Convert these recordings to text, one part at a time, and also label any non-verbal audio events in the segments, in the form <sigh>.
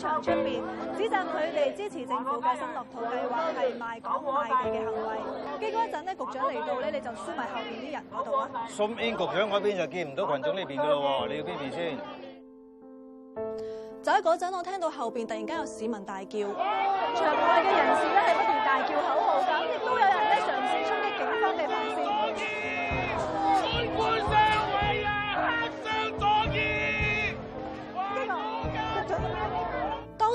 場出邊指責佢哋支持政府嘅新樂土計劃，係賣港賣地嘅行為。結果一陣咧，局長嚟到咧，你就輸埋後邊啲人度啊。s o 局長邊就見唔到群眾呢邊噶咯喎，你要邊邊先？就喺陣，我聽到後邊突然間有市民大叫，場外嘅人士咧係不斷大叫口號，咁亦都有人。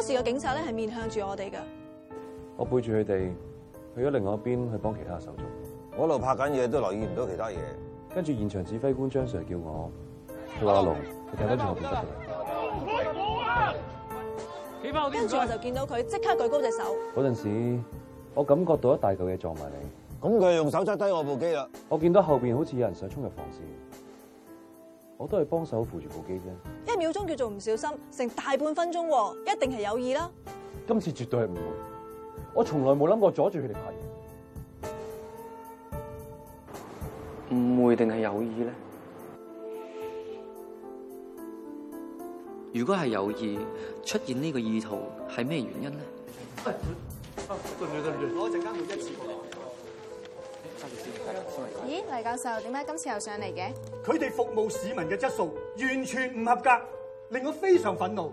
時個警察咧係面向住我哋嘅，我背住佢哋去咗另外一邊去幫其他嘅手續，我一路拍緊嘢，都留意唔到其他嘢。跟住現場指揮官張 sir 叫我，叫阿龍，你睇得住係唔得嘅？跟住我就見到佢即刻舉高隻手，嗰陣時我感覺到一大嚿嘢撞埋嚟，咁佢用手揸低我部機啦，我見到後邊好似有人想衝入防線。我都係幫手扶住部機啫，一秒鐘叫做唔小心，成大半分鐘，一定係有意啦。今次絕對係誤會，我從來冇諗過阻住佢哋拍嘢。誤會定係有意咧？如果係有意出現呢個意圖，係咩原因咧？喂，對唔住，對唔住，我一陣間換一次。咦，黎教授，點解今次又上嚟嘅？佢哋服務市民嘅質素完全唔合格，令我非常憤怒。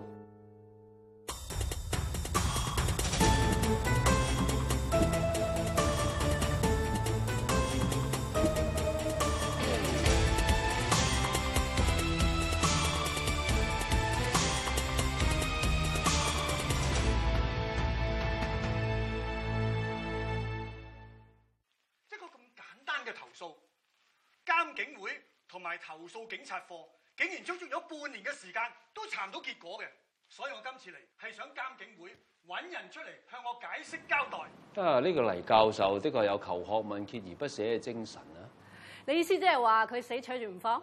警會同埋投訴警察課，竟然足足有半年嘅時間都查唔到結果嘅，所以我今次嚟係想監警會揾人出嚟向我解釋交代。啊，呢個黎教授的確有求學問鍥而不捨嘅精神啦，啊。你意思即係話佢死取住唔放？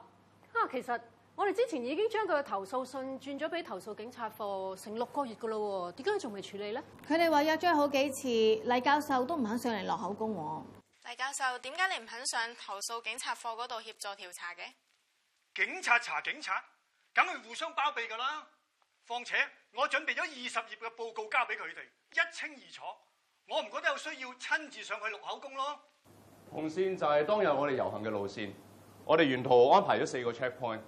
啊，其實我哋之前已經將佢嘅投訴信轉咗俾投訴警察課成六個月噶啦，點解仲未處理咧？佢哋話約咗好幾次，黎教授都唔肯上嚟落口供我。大教授，點解你唔肯上投訴警察課嗰度協助調查嘅？警察查警察，梗係互相包庇噶啦。況且我準備咗二十頁嘅報告交俾佢哋，一清二楚。我唔覺得有需要親自上去錄口供咯。紅線就係當日我哋遊行嘅路線，我哋沿途安排咗四個 checkpoint。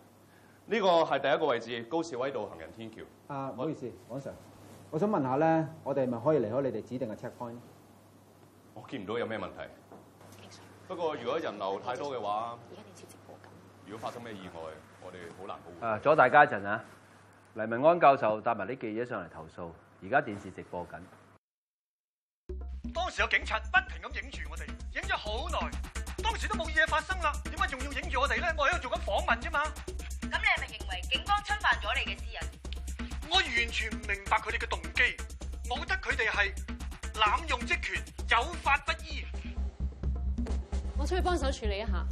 呢個係第一個位置，高士威道行人天橋。啊，唔好意思，我王 Sir，我想問下咧，我哋係咪可以離開你哋指定嘅 checkpoint？我見唔到有咩問題。不過，如果人流太多嘅話，而家電視直播緊。如果發生咩意外，我哋好難保護。啊，阻大家一陣啊！黎文安教授帶埋啲記者上嚟投訴，而家電視直播緊。當時有警察不停咁影住我哋，影咗好耐。當時都冇嘢發生啦，點解仲要影住我哋咧？我喺度做緊訪問啫嘛。咁你係咪認為警方侵犯咗你嘅私隱？我完全唔明白佢哋嘅動機，我覺得佢哋係濫用職權，有法不依。我出去幫手處理一下，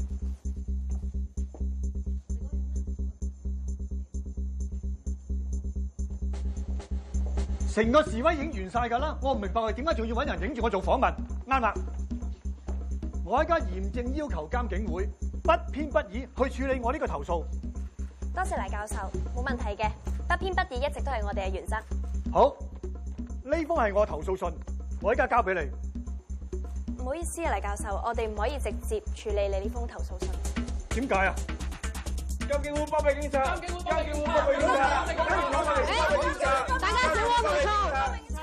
成個示威影完晒噶啦，我唔明白佢點解仲要揾人影住我做訪問，啱啦。我依家嚴正要求監警會不偏不倚去處理我呢個投訴。多謝黎教授，冇問題嘅，不偏不倚一直都係我哋嘅原則。好，呢封係我投訴信，我依家交俾你。唔好意思啊，黎教授，我哋唔可以直接處理你呢封投訴信。點解啊？監警會包庇警察。監警會包庇警察。誒，大家稍安毋躁。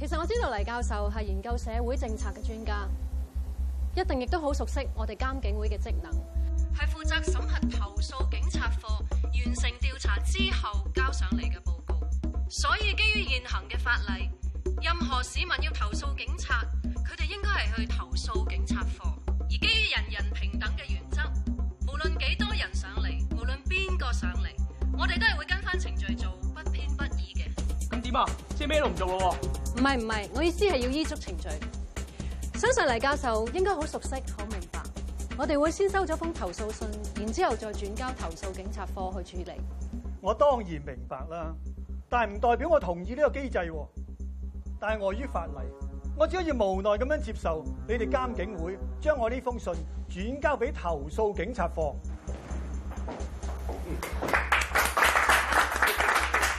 其實我知道黎教授係研究社會政策嘅專家，一定亦都好熟悉我哋監警會嘅職能，係負責審核投訴警察課完成調查之後交上嚟嘅報告。所以基於現行嘅法例，任何市民要投訴警察。佢哋應該係去投訴警察課，而基於人人平等嘅原則，無論幾多人上嚟，無論邊個上嚟，我哋都係會跟翻程序做，不偏不倚嘅。咁點啊？即係咩都唔做咯？唔係唔係，我意思係要依足程序。相信黎教授應該好熟悉、好明白。我哋會先收咗封投訴信，然之後再轉交投訴警察課去處理。我當然明白啦，但唔代表我同意呢個機制。但係礙於法例。我只可以無奈咁樣接受，你哋監警會將我呢封信轉交俾投訴警察課。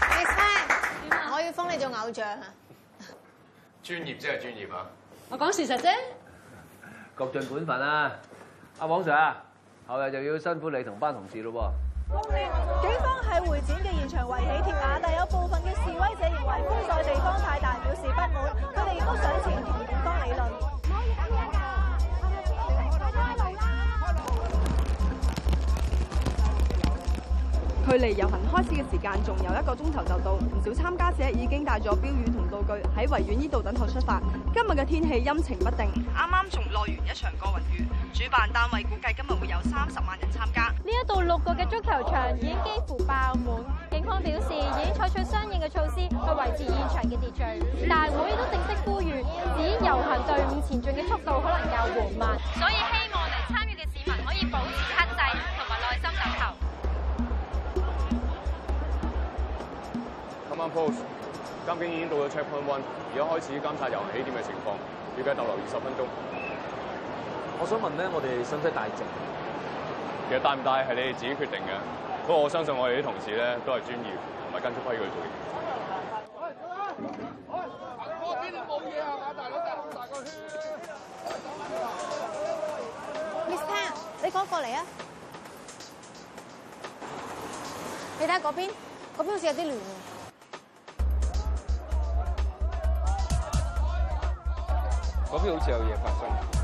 傑生，我要封你做偶像啊、嗯！專業即係專業啊！我講事實啫。各盡本分啊！阿王 Sir，後日就要辛苦你同班同事咯警方喺會展嘅現場圍起鐵瓦，但有部分嘅示威者認為封鎖地方太大，表示不滿。佢哋亦都上前同警方理論，唔可以咁樣㗎。距離遊行開始嘅時間仲有一個鐘頭就到，唔少參加者已經帶咗標語同道具喺維園呢度等候出發。今日嘅天氣陰晴不定，啱啱仲落完一場過雲雨。主辦單位估計今日會有三十萬人參加，呢一度六個嘅足球場已經幾乎爆滿。警方表示已經採取相應嘅措施去維持現場嘅秩序，但係我亦都正式呼籲，指遊行隊伍前進嘅速度可能較緩慢，所以希望嚟參與嘅市民可以保持克制同埋耐心等候。Come p o s t e 今次已經到咗 Checkpoint One，而家開始監察遊行起點嘅情況，預計逗留二十分鐘。我想問咧，我哋使唔使大隻？其實帶唔帶係你哋自己決定嘅。不過我相信我哋啲同事咧都係專業，唔係跟足規矩做嘢。冇嘢啊，大佬大個圈。Miss Pang，你趕過嚟啊！你睇下嗰邊，嗰邊好似有啲亂喎。嗰邊好似有嘢發生。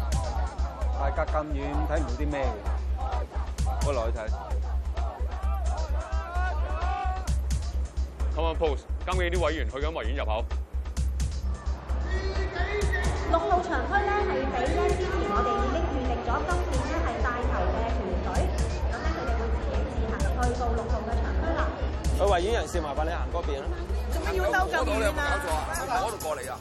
大隔咁遠，睇唔到啲咩嘅。我落去睇。Come on, pose！今日啲委員去緊維園入口。六號場區咧係俾咧之前我哋已經預定咗，今天咧係帶頭嘅團隊，咁咧佢哋會自己自行去到六號嘅場區啦。去維園人士，麻煩你行嗰邊啦。做咩要走咁遠啊？我嗰度過嚟啊！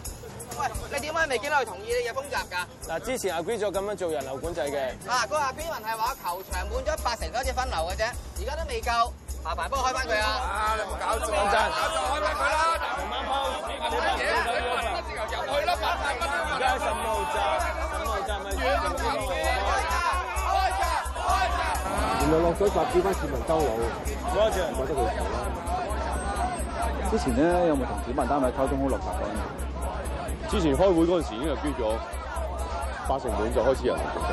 你點解未見到佢同意你嘅封閘㗎？嗱，之前阿 g 咗咁樣做人流管制嘅。嗱，個阿 B 話係話球場滿咗八成多隻分流嘅啫，而家都未夠，麻煩幫我開翻佢啊！啊，你冇搞錯！打錯開翻佢啦！打慢波，打乜嘢啊？打慢波，自由入去啦！打慢波，大家禁無閘，禁無閘咪遠都見到開閘，開閘，開閘！原來落水就招翻市民收老。我知啊，怪得佢之前咧有冇同市民單位溝通好落實緊？之前開會嗰陣時已經就捐咗八成半，就開始人氣好曬。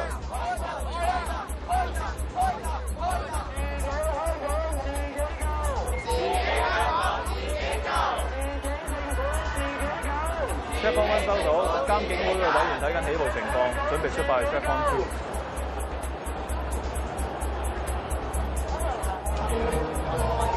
一 n 軍收到，監警會嘅委員睇緊起步情況，準備出發去 check on t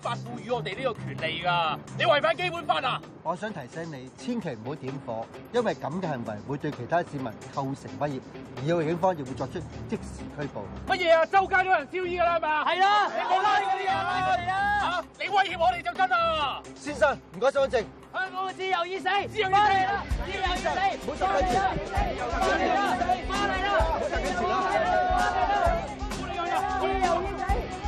法賦予我哋呢個權利噶，你違反基本法啊！我想提醒你，千祈唔好點火，因為咁嘅行為會對其他市民構成威脅，而我警方亦會作出即時拘捕。乜嘢啊？周街都有人燒衣啦嘛？係啦，你冇拉呢啲人嚟啦嚇！你威脅我哋就真係。先生，唔該收正！香港自由已死，翻嚟啦！自由已死！唔好收自由已死，自由已死。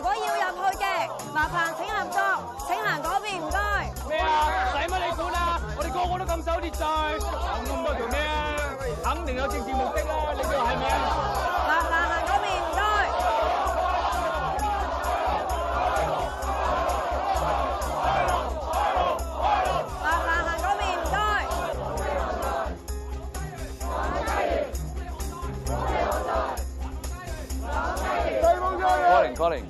如果要入去嘅，麻煩請合作，請行嗰邊唔該。咩啊？使乜你管啊？我哋個個都咁守秩序，行咁多條咩啊？肯定有政治目的啦！你話係咪啊？麻煩行嗰邊唔該。麻煩行嗰邊唔該。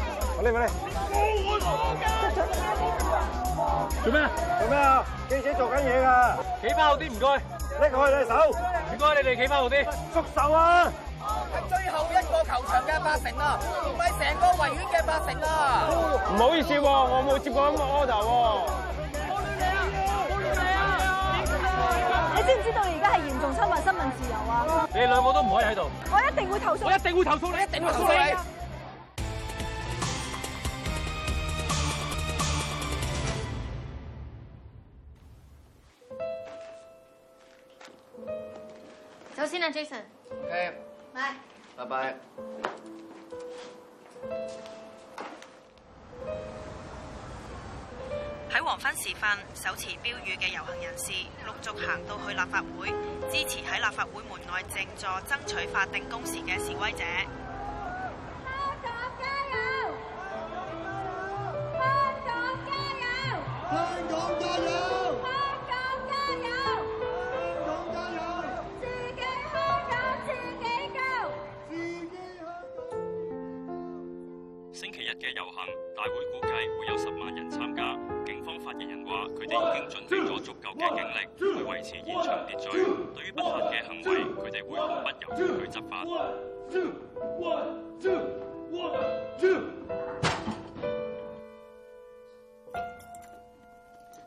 嚟咪嚟！做咩？做咩啊？記者做緊嘢㗎，企翻好啲唔該，拎開你手唔該，你哋企翻好啲，縮手啊！係最後一個球場嘅八成啊，係成個維園嘅八成啊！唔好意思喎，我冇接過咁嘅 order 喎。我亂你啊！我亂你啊！你知唔知道你而家係嚴重侵犯新聞自由啊？你兩個都唔可以喺度。我一定會投訴。我一定會投訴你，一定會投訴你。喺 Okay. 黃昏時分，手持標語嘅遊行人士陸續行到去立法會，支持喺立法會門內靜坐爭取法定工時嘅示威者。嘅警力去維持現場秩序，對於不法嘅行為，佢哋會毫不猶豫去執法。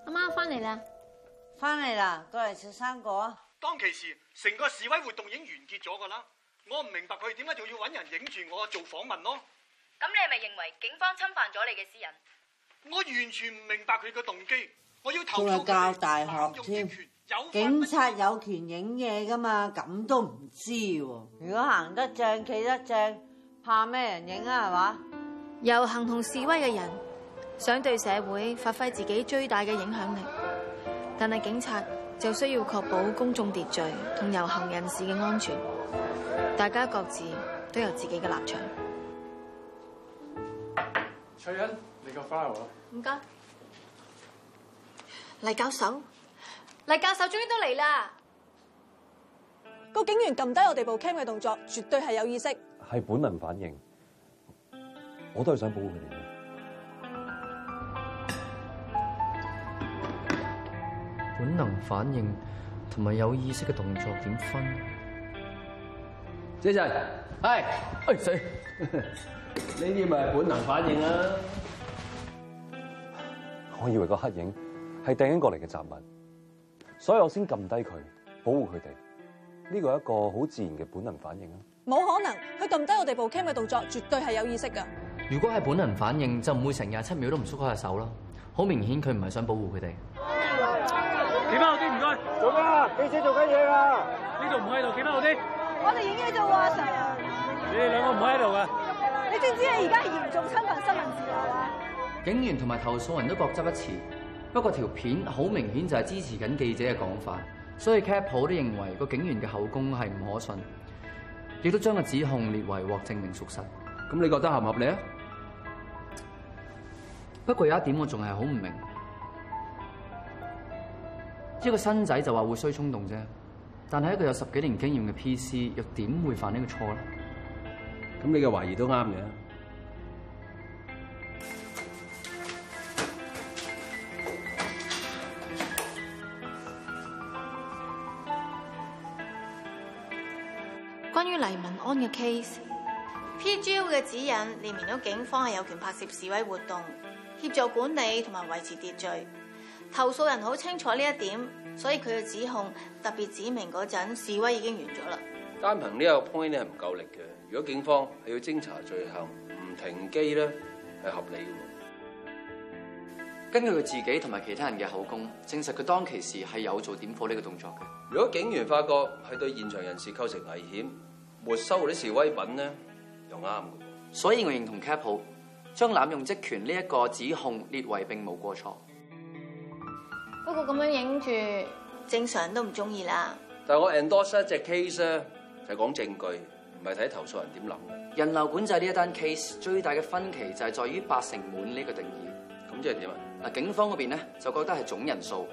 阿媽翻嚟啦，翻嚟啦，過來食生果。當其時，成個示威活動已經完結咗噶啦，我唔明白佢點解仲要揾人影住我做訪問咯。咁你係咪認為警方侵犯咗你嘅私隱？我完全唔明白佢嘅動機。我要投入教大學添，警察有權影嘢噶嘛？咁都唔知喎。如果行得正，企得正，怕咩人影啊？係嘛？遊行同示威嘅人想對社會發揮自己最大嘅影響力，但係警察就需要確保公眾秩序同遊行人士嘅安全。大家各自都有自己嘅立場。翠欣，你個 file 我唔該。謝謝黎教授，黎教授終於都嚟啦！個警員撳低我哋部 cam 嘅動作，絕對係有意識，係本能反應。我都係想保護佢哋。本能反應同埋有意識嘅動作點分？姐陳，哎哎，死！呢啲咪本能反應啊！ <laughs> 我以為個黑影。係掟翻過嚟嘅雜物，所以我先撳低佢，保護佢哋。呢個係一個好自然嘅本能反應啊！冇可能，佢撳低我哋部 cam 嘅動作，絕對係有意識噶。如果係本能反應，就唔會成廿七秒都唔縮開隻手咯。好明顯，佢唔係想保護佢哋。幾多號啲？唔該，做咩啊？你哋做緊嘢啊？呢度唔喺度，幾多號啲？我哋影嘢啫喎，成日。你哋兩個唔喺度啊！你知唔知你而家係嚴重侵犯新聞自由啊？警員同埋投訴人都各執一詞。不過條片好明顯就係支持緊記者嘅講法，所以 Capo 都認為個警員嘅口供係唔可信，亦都將個指控列為獲證明屬實。咁你覺得合唔合理啊？不過有一點我仲係好唔明，一個新仔就話會衰衝動啫，但係一個有十幾年經驗嘅 PC 又點會犯呢個錯咧？咁你嘅懷疑都啱嘅。關於黎民安嘅 case，PGO 嘅指引連明到警方係有權拍攝示威活動，協助管理同埋維持秩序。投訴人好清楚呢一點，所以佢嘅指控特別指明嗰陣示威已經完咗啦。單憑呢個 point 係唔夠力嘅，如果警方係要偵查罪行，唔停機咧係合理嘅。根據佢自己同埋其他人嘅口供，證實佢當其時係有做點火呢個動作嘅。如果警員發覺係對現場人士構成危險，沒收嗰啲示威品呢，又啱嘅。所以我認同 Capo 將濫用職權呢一個指控列為並無過錯。不過咁樣影住，正常人都唔中意啦。但係我 endorse 一隻 case 咧，就係、是、講證據，唔係睇投訴人點諗。人流管制呢一單 case 最大嘅分歧就係在於八成滿呢個定義。咁即係點啊？嗱，警方嗰邊咧就覺得係總人數，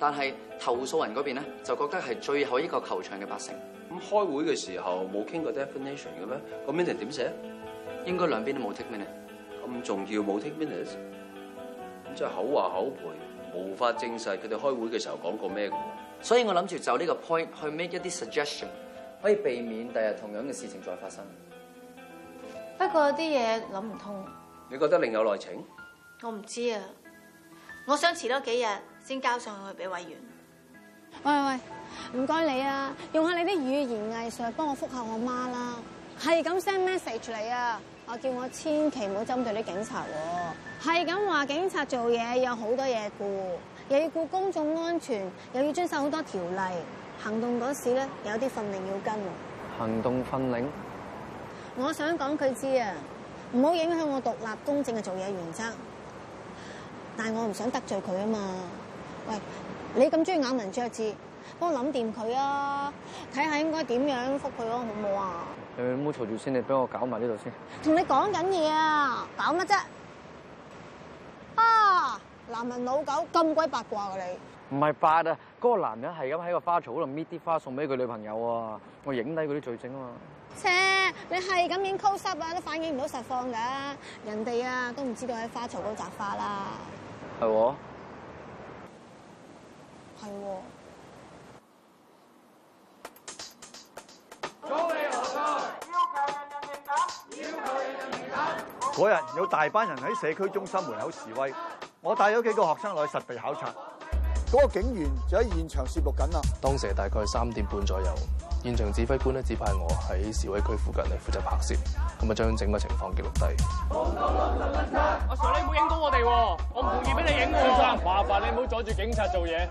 但係投訴人嗰邊咧就覺得係最後一個球場嘅八成。咁開會嘅時候冇傾過 definition 嘅咩？個 minutes 點寫？應該兩邊都冇 take minutes，咁重要冇 take minutes，咁即係口話口賠，無法證實佢哋開會嘅時候講過咩嘅。所以我諗住就呢個 point 去 make 一啲 suggestion，可以避免第日同樣嘅事情再發生。不過有啲嘢諗唔通，你覺得另有內情？我唔知啊。我想遲多幾日先交上去俾委員。喂喂，唔該你啊，用下你啲語言藝術幫我覆下我媽啦。係咁 send message 嚟啊，我叫我千祈唔好針對啲警察喎。係咁話，警察做嘢有好多嘢顧，又要顧公眾安全，又要遵守好多條例，行動嗰時咧有啲訓令要跟。行動訓令？我想講佢知啊，唔好影響我獨立公正嘅做嘢原則。但係我唔想得罪佢啊嘛。喂，你咁中意咬文嚼字，幫我諗掂佢啊，睇下應該點樣覆佢咯，好唔好啊？你唔好嘈住先，你俾我搞埋呢度先。同你講緊嘢啊，搞乜啫？啊，男人老狗咁鬼八卦噶你！唔係八啊，嗰個男人係咁喺個花槽度搣啲花送俾佢女朋友啊，我影低佢啲罪證啊嘛。切，你係咁影 close up 都反映唔到實況噶，人哋啊都唔知道喺花槽嗰度摘花啦。係喎，係我低，要嗰日有大班人喺社區中心門口示威，我帶咗幾個學生落去實地考察。嗰個警員就喺現場攝錄緊啦。當時大概三點半左右，現場指揮官咧指派我喺示威區附近嚟負責拍攝，同埋將整個情況記錄低。阿 Sir，你唔好影到我哋，我唔同意俾你影㗎。麻煩你唔好阻住警察做嘢。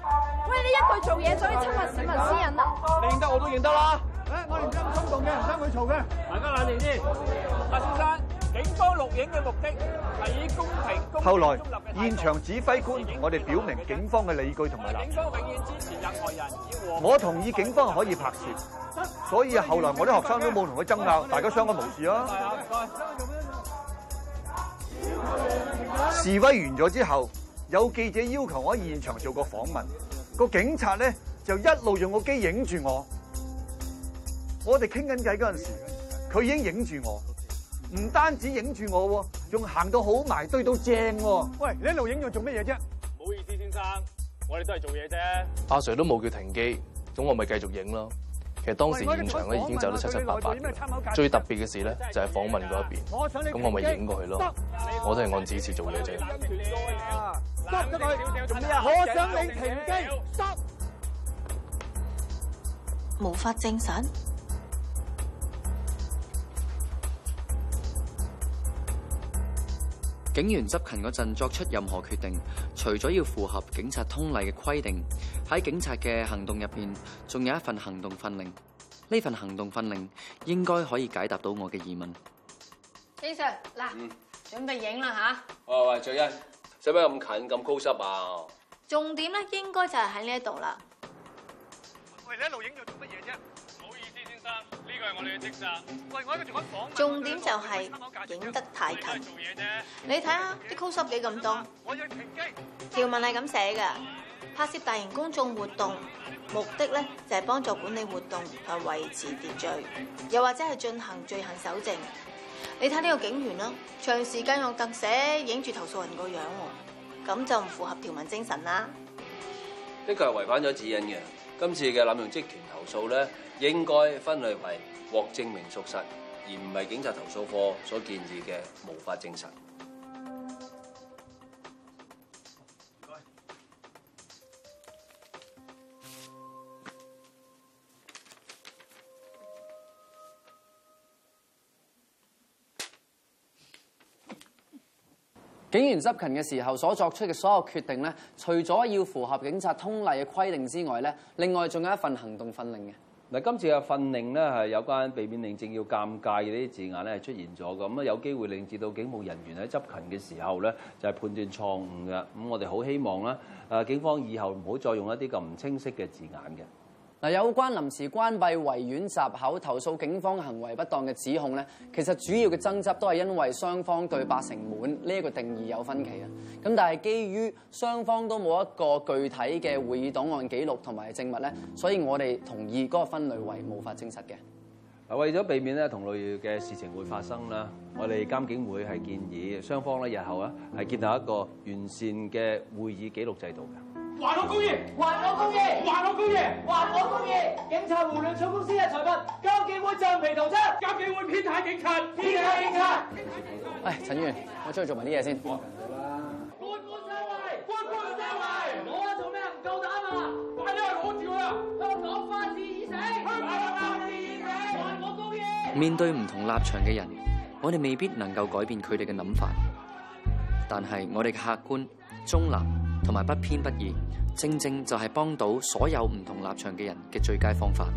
喂，你一句做嘢就以侵犯市民私隱啦。你認得我都認得啦。誒、哎，我唔係咁衝動嘅，唔想去嘈嘅，大家冷靜啲。阿先生。警方錄影嘅目的係以公平公正立場。後來現場指揮官同我哋表明警方嘅理據同埋立警方永遠支持任何人。我,我同意警方可以拍攝，所以後來我啲學生都冇同佢爭拗，的大家相安無事啊！示威完咗之後，有記者要求我喺現場做個訪問，個警察咧就一路用個機影住我。我哋傾緊偈嗰陣時，佢已經影住我。唔單止影住我喎，仲行到好埋，對到正喎、啊。喂，你一路影住做乜嘢啫？唔好意思，先生，我哋都係做嘢啫。阿 Sir 都冇叫停機，咁我咪繼續影咯。其實當時、那個、現場咧已經走得七七八八。最特別嘅事咧、啊、就係訪問嗰一邊，咁我咪影過去咯。行我都係按指示做嘢啫。濕得佢，得做咩啊？我想你停機，濕停。無法證神。警員執勤嗰陣作出任何決定，除咗要符合警察通例嘅規定，喺警察嘅行動入邊，仲有一份行動訓令。呢份行動訓令應該可以解答到我嘅疑問。警長，嗱，準備影啦，吓。喂喂，卓恩，使唔使咁近咁高濕啊？重點咧，應該就係喺呢一度啦。喂，你一路影咗做乜嘢啫？唔好意思，先生。重點就係影得太近。你睇下啲口水幾咁多。條文係咁寫㗎。拍攝大型公眾活動目的咧就係幫助管理活動同維持秩序，又或者係進行罪行搜證。你睇呢個警員囉，長時間用特寫影住投訴人個樣，咁就唔符合條文精神啦。呢個係違反咗指引嘅。今次嘅濫用職權投訴咧，應該分類為獲證明屬實，而唔係警察投訴課所建議嘅無法證實。謝謝，警員執勤嘅時候所作出嘅所有決定咧，除咗要符合警察通例嘅規定之外咧，另外仲有一份行動訓令嘅。今次嘅訓令呢，係有關避免令政要尷尬嘅呢啲字眼呢，係出現咗㗎。咁有機會令至到警務人員喺執勤嘅時候呢，就係判斷錯誤嘅，咁我哋好希望咧，警方以後唔好再用一啲咁唔清晰嘅字眼嘅。嗱，有關臨時關閉維園閘口投訴警方行為不當嘅指控咧，其實主要嘅爭執都係因為雙方對八成滿呢一個定義有分歧啊。咁但係基於雙方都冇一個具體嘅會議檔案記錄同埋證物咧，所以我哋同意嗰個分類為無法證實嘅。嗱，為咗避免咧同類嘅事情會發生啦，我哋監警會係建議雙方咧日後啊係建立一個完善嘅會議記錄制度嘅。還我公義！還我公義！還我公義！還我公義！警察胡亂搶公司嘅財物，監警會橡皮圖章，監警會偏袒警察，偏袒警察、哎。唉，陳議員，我出去做埋啲嘢先。官官相衛，官官相衛，我做咩唔夠膽啊？快啲去攞住佢啊！香港法治已死，香港法治已死，還我公義！面對唔同立場嘅人，yes。我哋未必能夠改變佢哋嘅諗法，但係我哋嘅客觀中立同埋不偏不倚，正正就係幫到所有唔同立場嘅人嘅最佳方法。